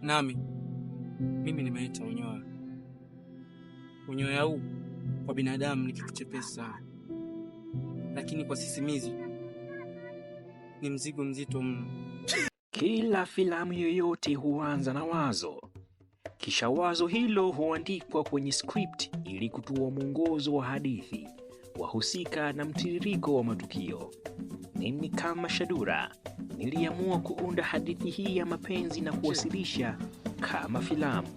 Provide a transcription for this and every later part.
nami mimi nimeita unyoya. Unyoya huu kwa binadamu ni kitu chepesi sana, lakini kwa sisimizi ni mzigo mzito mno. Kila filamu yoyote huanza na wazo, kisha wazo hilo huandikwa kwenye script ili kutoa mwongozo wa hadithi, wahusika na mtiririko wa matukio. Mimi kama Shadura niliamua kuunda hadithi hii ya mapenzi na kuwasilisha kama filamu.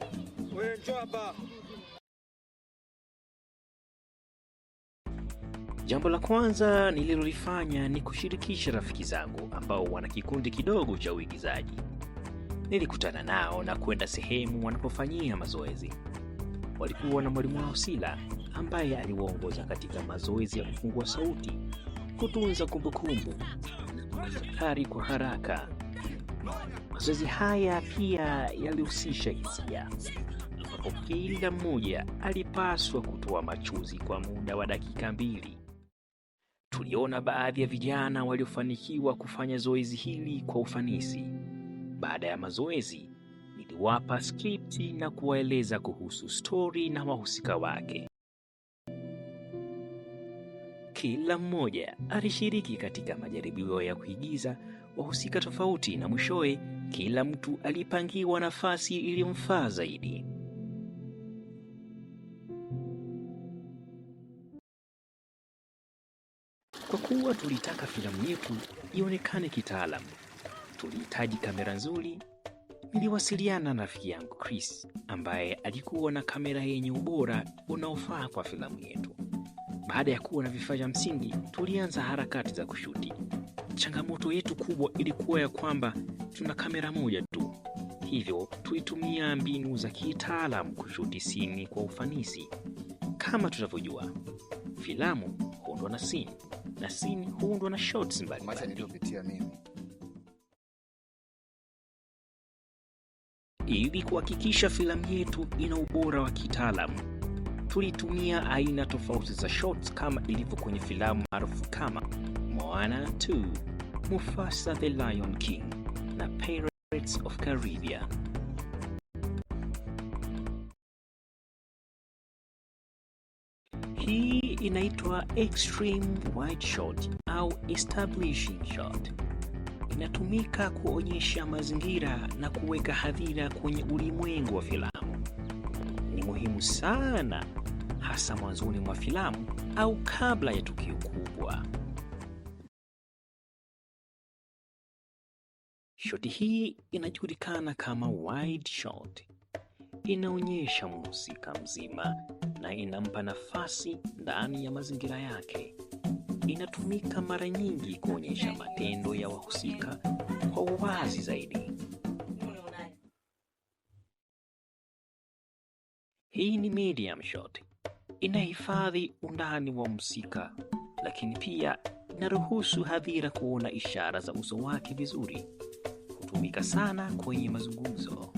Jambo la kwanza nililolifanya ni kushirikisha rafiki zangu ambao wana kikundi kidogo cha uigizaji. Nilikutana nao na kwenda sehemu wanapofanyia mazoezi. Walikuwa na mwalimu wao Sila ambaye aliwaongoza katika mazoezi ya kufungua sauti, kutunza kumbukumbu kutafakari kwa haraka. Mazoezi haya pia yalihusisha hisia, ambapo kila mmoja alipaswa kutoa machozi kwa muda wa dakika mbili. Tuliona baadhi ya vijana waliofanikiwa kufanya zoezi hili kwa ufanisi. Baada ya mazoezi, niliwapa skripti na kuwaeleza kuhusu stori na wahusika wake. Kila mmoja alishiriki katika majaribio ya kuigiza wahusika tofauti, na mwishowe kila mtu alipangiwa nafasi iliyomfaa zaidi. Kwa kuwa tulitaka filamu yetu ionekane kitaalamu, tulihitaji kamera nzuri. Niliwasiliana na rafiki yangu Chris ambaye alikuwa na kamera yenye ubora unaofaa kwa filamu yetu. Baada ya kuwa na vifaa vya msingi, tulianza harakati za kushuti. Changamoto yetu kubwa ilikuwa ya kwamba tuna kamera moja tu, hivyo tulitumia mbinu za kitaalamu kushuti sini kwa ufanisi. Kama tunavyojua, filamu huundwa na sini na sini huundwa na shots mbalimbali. Ili kuhakikisha filamu yetu ina ubora wa kitaalamu tulitumia aina tofauti za shots kama ilivyo kwenye filamu maarufu kama Moana 2, Mufasa the Lion King na Pirates of Caribbean. Hii inaitwa extreme wide shot au establishing shot. Inatumika kuonyesha mazingira na kuweka hadhira kwenye ulimwengu wa filamu. Ni muhimu sana hasa mwanzoni mwa filamu au kabla ya tukio kubwa. Shoti hii inajulikana kama wide shot. Inaonyesha mhusika mzima na inampa nafasi ndani ya mazingira yake. Inatumika mara nyingi kuonyesha matendo ya wahusika kwa uwazi zaidi. Hii ni medium shot inahifadhi undani wa mhusika, lakini pia inaruhusu hadhira kuona ishara za uso wake vizuri. Hutumika sana kwenye mazungumzo.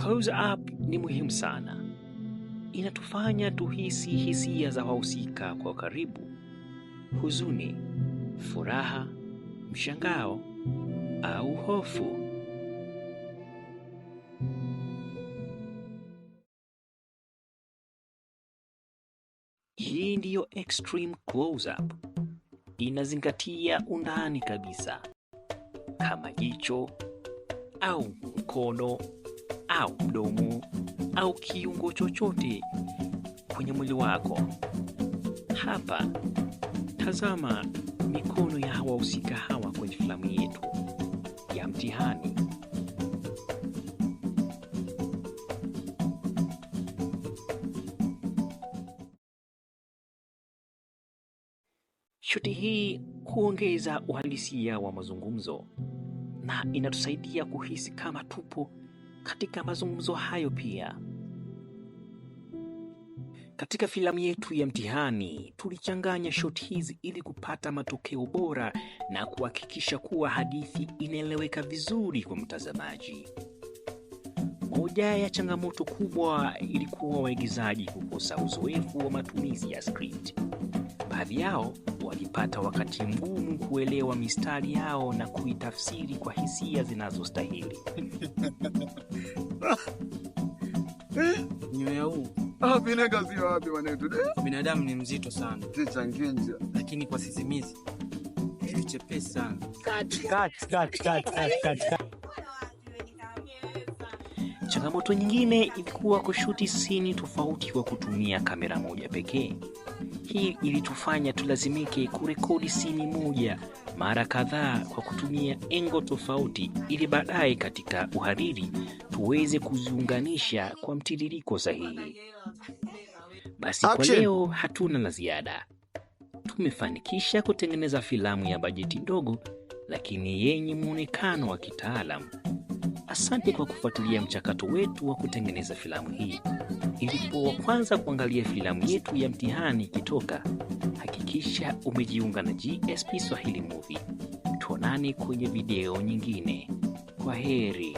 Close up ni muhimu sana, inatufanya tuhisi hisia za wahusika kwa karibu: huzuni, furaha, mshangao au hofu. Hii ndiyo extreme close up, inazingatia undani kabisa, kama jicho au mkono au mdomo au kiungo chochote kwenye mwili wako. Hapa tazama mikono ya hawahusika hawa kwenye filamu yetu ya mtihani. Shoti hii huongeza uhalisia wa mazungumzo na inatusaidia kuhisi kama tupo katika mazungumzo hayo pia. Katika filamu yetu ya mtihani tulichanganya shoti hizi ili kupata matokeo bora na kuhakikisha kuwa hadithi inaeleweka vizuri kwa mtazamaji. Moja ya changamoto kubwa ilikuwa waigizaji kukosa uzoefu wa matumizi ya script. Baadhi yao walipata wakati mgumu kuelewa mistari yao na kuitafsiri kwa hisia zinazostahili. Ah, eh? binadamu ni mzito sana, lakini kwa sisimizi ichepesi sana. Changamoto nyingine ilikuwa kushuti sini tofauti kwa kutumia kamera moja pekee. Hii ilitufanya tulazimike kurekodi sini moja mara kadhaa kwa kutumia engo tofauti, ili baadaye katika uhariri tuweze kuziunganisha kwa mtiririko sahihi. Basi Action. Kwa leo hatuna la ziada. Tumefanikisha kutengeneza filamu ya bajeti ndogo, lakini yenye muonekano wa kitaalamu. Asante kwa kufuatilia mchakato wetu wa kutengeneza filamu hii. Ilipo wa kwanza kuangalia filamu yetu ya mtihani ikitoka, hakikisha umejiunga na GSP Swahili Movie. Tuonani kwenye video nyingine. Kwa heri.